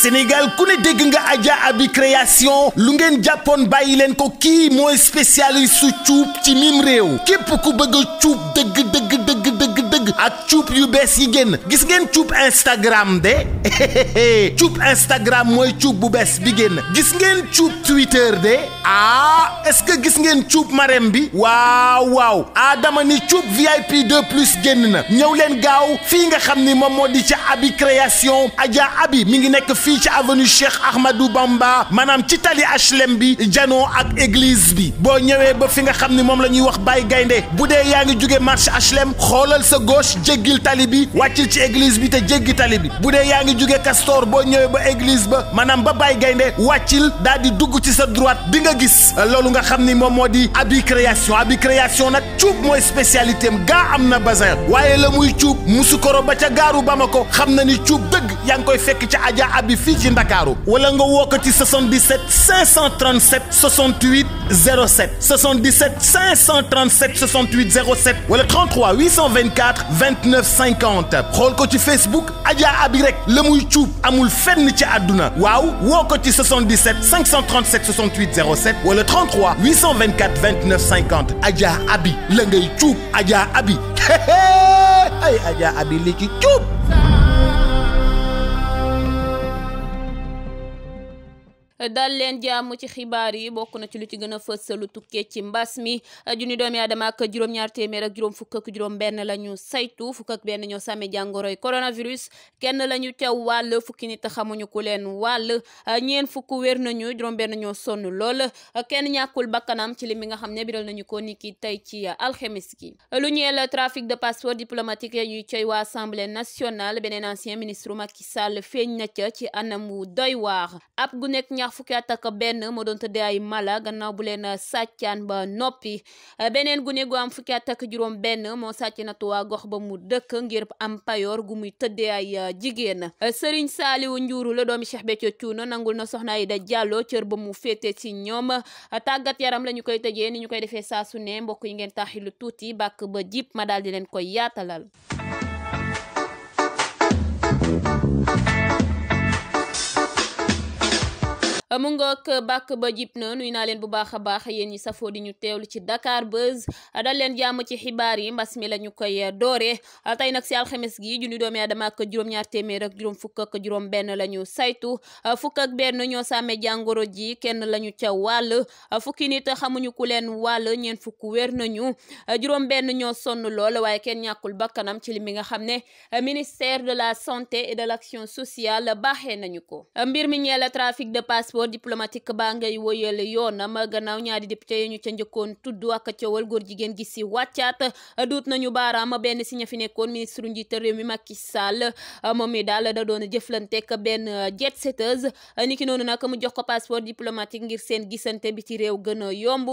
Sénégal ku ne dégg nga aja Abi création lu ngeen jàppoon bàyyi leen ko kii mooy spécialiste su cuub ci mim réew képp ku bëgg cuub dëgg dëgg dëgg ak cuub yu bees yi génn gis ngeen cuub Instagram de cuub Instagram mooy cuub bu bees bi génn gis ngeen cuub Twitter de ah est-ce que gis ngeen cuub Marème bi waaw waaw ah dama ni cuub VIP plus génn na ñëw leen gaaw fii nga xam ni moom moo di ca Abi création Adja Abi mi ngi nekk fii ci avenue Cheikh Ahmadou Bamba maanaam ci tali HLM bi janoo ak église bi boo ñëwee ba fi nga xam ni moom la ñuy wax Baye Gaynde bu dee yaa ngi jóge marché HLM xoolal sa gauche jéggil tali bi wàccil ci église bi te jéggi tali bi bu dee yaa ngi jóge Castor boo ñëwee ba église ba maanaam ba Baye Gaynde wàccil daal di dugg ci sa droite bi nga gis loolu nga xam ni moom moo di abi création abi création nag cuub mooy spécialité am gaa am na bazin waaye la muy cuub musukoro ba ca gaaru ba Bamako xam na ni cuub dëgg yaa ngi koy fekk ca Adja abi fii ci Ndakaaru wala nga woo ko ci 77 537 68 07 77 537 68 07 wala 33 824 29 50 xool ko ci Facebook Adja Abi rek la muy cuub amul fenn ci àdduna waaw woo ko ci 77 537 68 07 wala 33 824 29 50 Adja Abi la ngay cuub Adja Abi ay Adja Abi li ci cuub. dal leen jàmm ci xibaar yi bokk na ci lu ci gën a fës lu tukkee ci mbas mi doom yaa aadama ak juróom-ñaar téeméer ak juróom fukk juróom benn la ñu saytu fukk benn ñoo jàngoro jàngoroy coronavirus kenn la ñu ca wàll fukki nit xamuñu ku leen wàll ñeen fukk wér nañu juróom benn ñoo sonn lool kenn ñàkkul bakkanam ci lim bi nga xam ne biral nañu ko ni tey ci alxemis gi lu la trafic de passeport diplomatique yuy coy waa assemblée nationale beneen ancien ministre Macky Sall feeñ na ca ci anam wu doy waar fukki at benn moo doon tëddee ay mala gannaaw bu leen uh, sàccaan ba noppi uh, beneen gune gu am fukki at ak juróom benn moo sàcc na waa gox ba mu dëkk ngir am payoor gu muy tëddee ay uh, jigéen Serigne Saliou Ndiourou la doomi Cheikh Béthio Thioune nangul na soxna yi Aïda Diallo cër ba mu féete ci ñoom a tàggat yaram la ñu koy tëjee ni ñu koy defee saa su ne mbokk yi ngeen taxilu tuuti bàkk ba jip ma daal di leen koy yaatalal mu ngoog bàkk ba jib na nuy naa leen bu baax a baax yéen ñi safoo di ñu teewlu ci Dakar Buzz dal leen jàmm ci xibaar yi mbas mi la ñu koy dooree tey nag si alxames gi junni doomi aadama ak juróom-ñaar téeméer ak juróom fukk ak juróom benn la ñu saytu fukk ak benn ñoo sàmmee jàngoro ji kenn la ñu ca wàll fukki nit xamuñu ku leen wàll ñeen fukk wér nañu juróom benn ñoo sonn lool waaye kenn ñàkkul bakkanam ci li mi nga xam ne ministère de la santé et de l'action baaxee nañu ko réseau diplomatique baa ngay woyal yoonam gannaaw ñaari député yi ñu ca njëkkoon tudd ak coowal góor jigéen gi si wàccaat duut nañu baaraam benn si ña fi nekkoon ministre njiitu réew mi Macky Sall moom mi daal da doon jëflanteeg benn jet setteuse niki noonu nag mu jox ko passeport diplomatique ngir seen gisante bi ci réew gën a yomb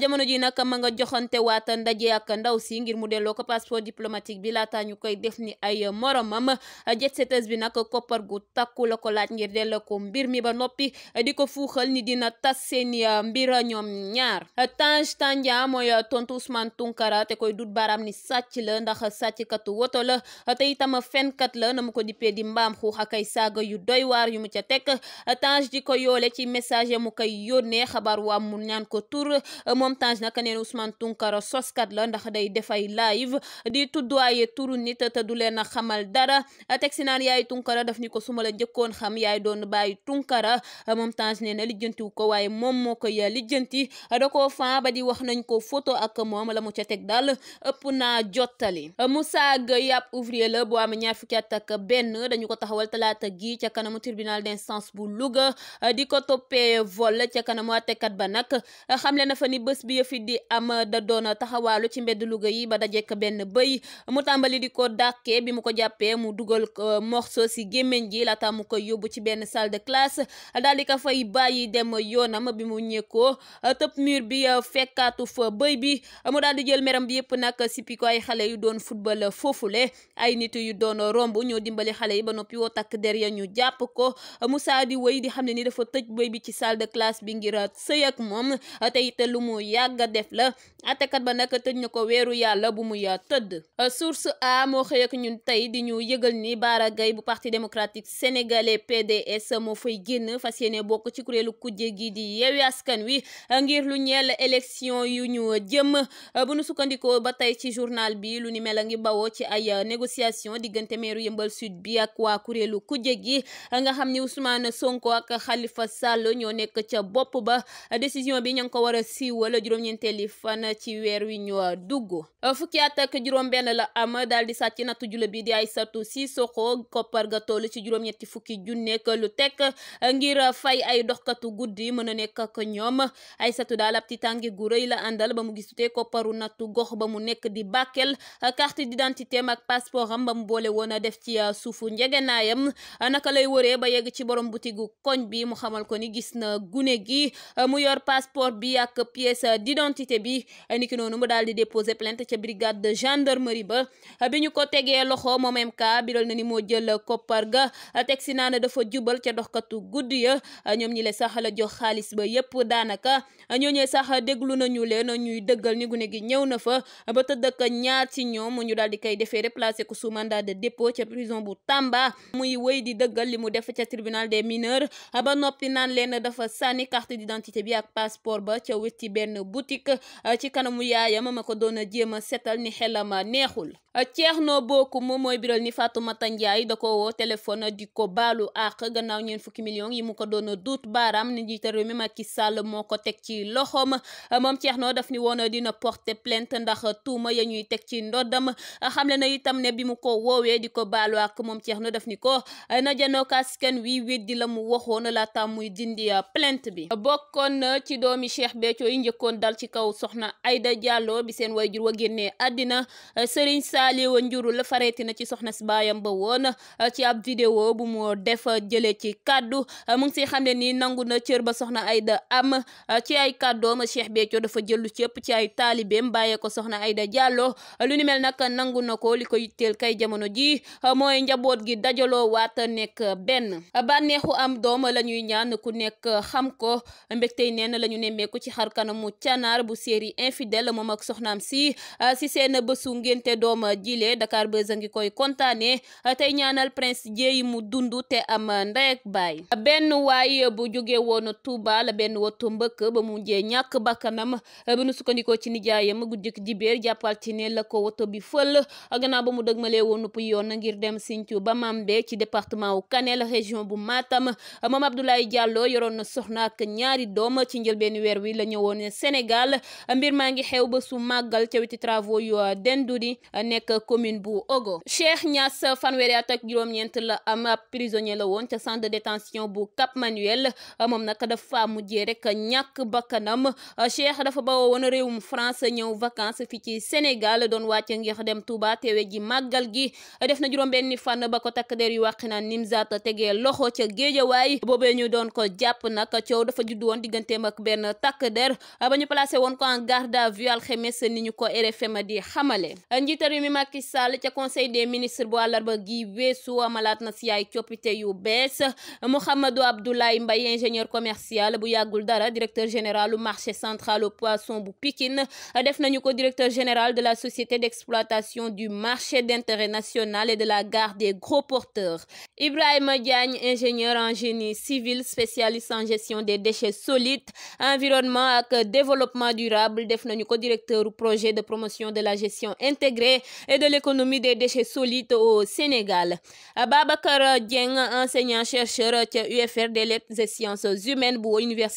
jamono ji nag ma nga joxante waat ndaje ak ndaw si ngir mu delloo ko passeport diplomatique bi laataa ñu koy def ni ay moromam jet setteuse bi nag koppar gu takku la ko ko fuuxal ni dina seen seeni ah, mbir ah, ñoom ñaar Tange Tandian mooy ah, tontu Ousmane Tounkara te koy dut baaraam ni sàcc la ndax sàcckatu woto la te itam fenkat la na mu ko dippee di mbaam xuux ak ay saaga yu doy waar yu mu ca teg Tange di ko yoole ci message mu kay yónnee xabaar waa mu ñaan ko tur moom Tange naka neen Ousmane Tounkara soskat la ndax day defay live di tudd ay turu nit te du leen a xamal dara teg si naan yaay Tounkara daf ni ko suma la njëkkoon xam yaay orange nee na lijjantiwu ko waaye moom moo koy lijjanti da koo fan ba di wax nañ ko photo ak moom la mu ca teg daal ëpp naa jottali mu Gueye ab ouvrier la boo am ñaar fukki at benn dañu ko taxawal talaata gi ca kanamu tribunal d'instance bu Louga di ko toppee vol ca kanamu àttekat ba nag xamle na fa ni bés bi yëfi di am da doon taxawaalu ci mbedd Louga yi ba dajek benn bëy mu tàmbali di ko dàkkee bi mu ko jàppee mu dugal eh, morceau si gémmiñ gi laata mu yóbbu ci benn salle ko fay koy bàyyi dem yoonam a mu ñeekoo tëb mur bi euh, fekkaatu fa bëy bi mu daal jël meram bi yëpp nag sipi ay xale yu doon football foofule ay nit yu doon romb ñoo dimbali xale yi ba noppi woo takk der ya ñu jàpp ko Moussa di wéy di xam ni dafa tëj bëy bi ci salle de classe bi ngir euh, sëy ak moom te lu mu yàgg a def la atekat ba nag tëj na ko weeru yàlla bu muy euh, tëdd source a moo xëy ak ñun tey di ñu yëgal ni Bara bu parti démocratique sénégalais PDS bokk ci kuréelu kujje gi di yeewi askan wi ngir lu ñeel élection yu ñu jëm bu nu sukkandikoo ba tey ci journal bi lu ni mel a ngi bawoo ci ay négociation diggante meeru yëmbal sud bi ak waa kuréelu kujje gi nga xam ni Ousmane Sonko ak xalifa Sall ñoo nekk ca bopp ba décision bi ña ngi ko war a siiwal juróom-ñeenteeli fan ci weer wi ñu dugg fukki at juróom-benn la am daal di sàcc nattu jula bi di Aïssatou Sissoko koppar ga toll ci juróom-ñetti fukki ay doxkatu guddi mën a nekk ak ñoom Aysatu daal ab tiitaange gu rëy la àndal ba mu gisutee kopparu nattu gox ba mu nekk di Bakel carte d'identité am ak passeport am ba mu boole woon a def ci uh, suufu njegenaayam naka lay wëree ba yegg ci borom butigu koñ bi mu xamal ko ni gis na gune gi mu yor passeport bi ak pièce d'identité bi niki noonu mu daal di déposer plainte ca brigade de gendarmerie ba bi ñu ko tegee loxo moom MK biral na ni moo jël koppar ga teg si naa ne dafa jubal ca doxkatu guddi ya ñoom ñi le sax la jox xaalis ba yépp daanaka ñooñee sax déglu nañu leen ñuy dëggal ni gune gi ñëw na fa ba tëdd ak ñaar ci ñoom ñu daal di koy defee replacé ko sous mandat de dépôt ca prison bu Tamba muy wéy di dëggal li mu def ca tribunal de mineurs ba noppi naan leen dafa sànni carte d'identité bi ak passeport ba ca wét ci benn boutique ci kanamu yaayam ma ko doon a jéem a setal ni xelam neexul Ceerno Bokku moom mooy biral ni Fatoumata Ndiaye da ko woo téléphone di ko duut baaraam ni njiitu réew mi Macky Sall moo ko teg ci loxoom moom Thierno daf ni woon dina porter plainte ndax tuuma ya ñuy teg ci ndoddam xamle na itam ne bi mu ko woowee di ko baalu ak moom ceex Thierno daf ni ko na janook askan wi weddi la mu waxoon laata muy dindi plainte bi bokkoon ci doomi Cheikh Béthio yi njëkkoon dal ci kaw soxna Aïda Diallo bi seen wayjur wa génnee àddina Serigne Saliou njurul fareeti na ci soxna si baayam ba woon ci ab vidéo bu mu ni nangu na cër ba soxna Aida am ah, ci ay kàddoom Cheikh Béthio dafa jëlu ci ëpp ci ay taalibeem bàyyee ko soxna Aida jàlloo lu ni mel nag nangu na ko li ko yitteel kay jamono ji ah, mooy njaboot gi dajaloo waat nekk benn ah, bànneexu am doom la ñuy ñaan ku nekk xam ko mbégtey neen la ñu nemmeeku ci xar kanamu canaar bu série infidèle moom ak soxnaam si si seen bësu ngénte doom jilee Dakar Buzz a ngi koy kontaane tey ñaanal prince jéey mu dund te am ndey ak baay benn waay bu jóge woon Touba la benn woto mbëkk ba mu mujjee ñàkk bakkanam eh, bu nu sukkandikoo ci nijaayam guddik dibeer jàppal ci ne la ko woto bi fël gannaaw ba mu dëgmalee woon pu yoon ngir dem Sinthiou ba Mambe ci département wu la région bu Matam eh, moom Abdoulaye Diallo yoroon na soxna ak ñaari doom ci njëlbéenu weer wi la ñëwoon Sénégal mbir maa ngi xew ba su màggal ca weti travaux yu eh, Dendudi nekk commune bu Ogo Cheikh Niass fanweeri at juróom-ñeent la Sahel moom nag dafa mujjee rek ñàkk bakkanam Cheikh dafa bawoo woon réewum France ñëw vacances fii ci Sénégal doon wàcc ngir dem Touba teewe ji màggal gi def na juróom-benni fànn ba ko takk der yu wàqi naan Nimzaat tegee loxo ca géejawaay boobee ñu doon ko jàpp nag coow dafa judd woon digganteem ak benn takk der ba ñu placé woon ko en garde à vue alxemes ni ñu ko RFM di xamale njiital mi Macky Sall ca conseil des ministres bu àllarba gi weesu amalaat na si ay coppite yu bees Mouhamadou Abdoulaye Mbaye ingénieur commercial bu yàggul dara directeur général u marché central au poisson bu Pikine def nañu ko directeur général de la société d'exploitation du marché d'intérêt national et de la gare des gros porteurs Ibrahima Diagne ingénieur en génie civil spécialiste en gestion des déchets solides environnement ak développement durable def nañu ko directeur projet de promotion de la gestion intégrée et de l'économie des déchets solides au Sénégal et sciences humaines bu euh,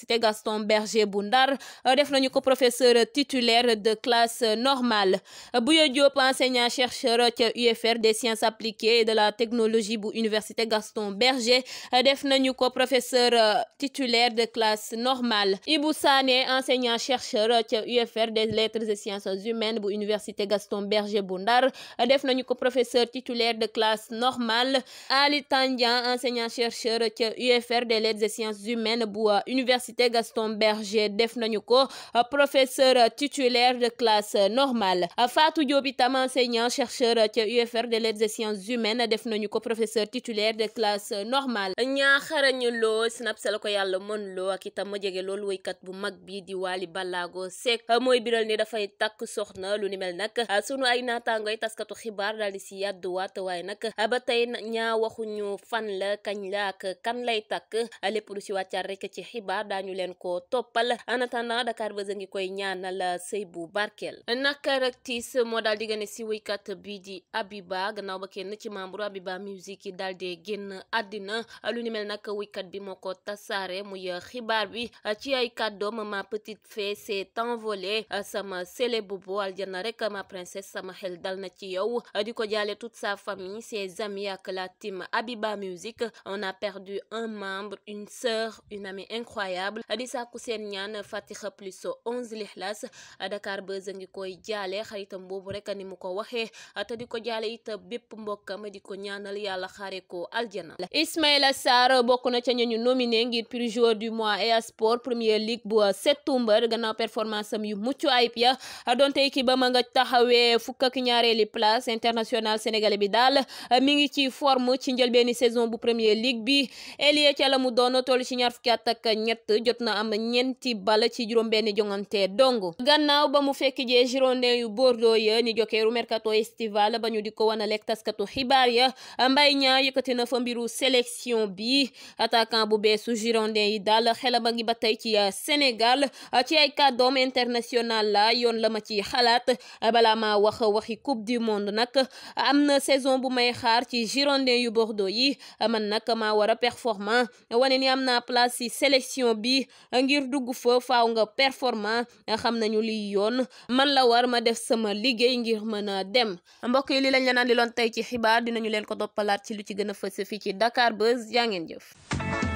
de classe normale de la technologie bu université Gaston Berger euh, def nañu ko euh, titulaire de classe normale Ibou Sané enseignant chercheur ca UFR des lettres et sciences humaines bu université Gaston Berger def nañu ko titulaire de classe normale Ali Tandian enseignant chercheur ca UFR des lettres des sciences humaines bu euh, université Gaston Berger def nañu ko euh, professeur euh, titulaire de classe normale Fatou Diop itam enseignant chercheur ca UFR de lettres sciences humaines def nañu ko professeur titulaire de classe normale ñaaxarañu loo snap sa la ko yàlla mën loo ak itam ma jege loolu woykat bu mag bi di Wally Ballago Seck mooy biral ni dafay takk soxna lu ni mel nag sunu ay naataangooy taskatu xibaar daal di si yàdduwaat waaye nag ba tey ñaa waxuñu fan lépp lu ci wàccaat rek ci xibaar daañu leen ko toppal en attendant Dakar Buzz ngi koy ñaanal sëy bu barkeel naka rek moo daal di gane ci bi ba kenn ci membre Abiba musique yi daal di génn àddina lu ni mel nag wéykat bi moo ko tasaare muy xibaar bi ci ay kàddoom ma petite fée s'est envolée sama sele bu bu aljana rek ma princesse sama xel dal na ci yow di ko jaale toute sa famille ses amis ak la team Abiba musique on a perdu un membre une sœur une amie incroyable di seen ñaan fatiha plus onze lixlaas Dakar Buzz a ngi koy jaale xaritam boobu rek ni mu ko waxee te di ko jaale it bépp mbokkam di ko ñaanal yàlla xaare ko aljana Ismaïla Sarr bokk na ca ñañu nominé ngir prix joueur du mois EA Sport Premier League bu septembre gannaaw performance am yu mucc ayib ya donte équipe ma nga taxawee fukk ak ñaareeli place international sénégalais bi daal mi ngi ci forme ci njëlbeeni noonu toll ci ñaar fukki at ak ñett jot na am ñeenti bal ci juróom benni jongante dong gannaaw ba mu fekk jee Girondin yu Bordeaux ya ni jokkeeru mercato estival ba ñu di ko wanaleeg taskatu xibaar ya Mbaye Niang yëkkati na fa mbiru sélection bi attaquant bu beesu Girondin yi daal xelam a ngi ba tey ci euh, Sénégal ci ay kàddoom international la yoon la ma ci xalaat balaa ma wax waxi coupe du monde nag am na saison bu may xaar ci Girondin yu Bordeaux yi man nag ni am naa place si sélection bi ngir dugg fa faw nga performant xam nañu liy yoon man la war ma def sama liggéey ngir mën a dem mbokk yi li lañ la naan di loon tey ci xibaar dinañu leen ko doppalaat ci lu ci gën a fës fii ci Dakar Buzz yaa ngeen jëf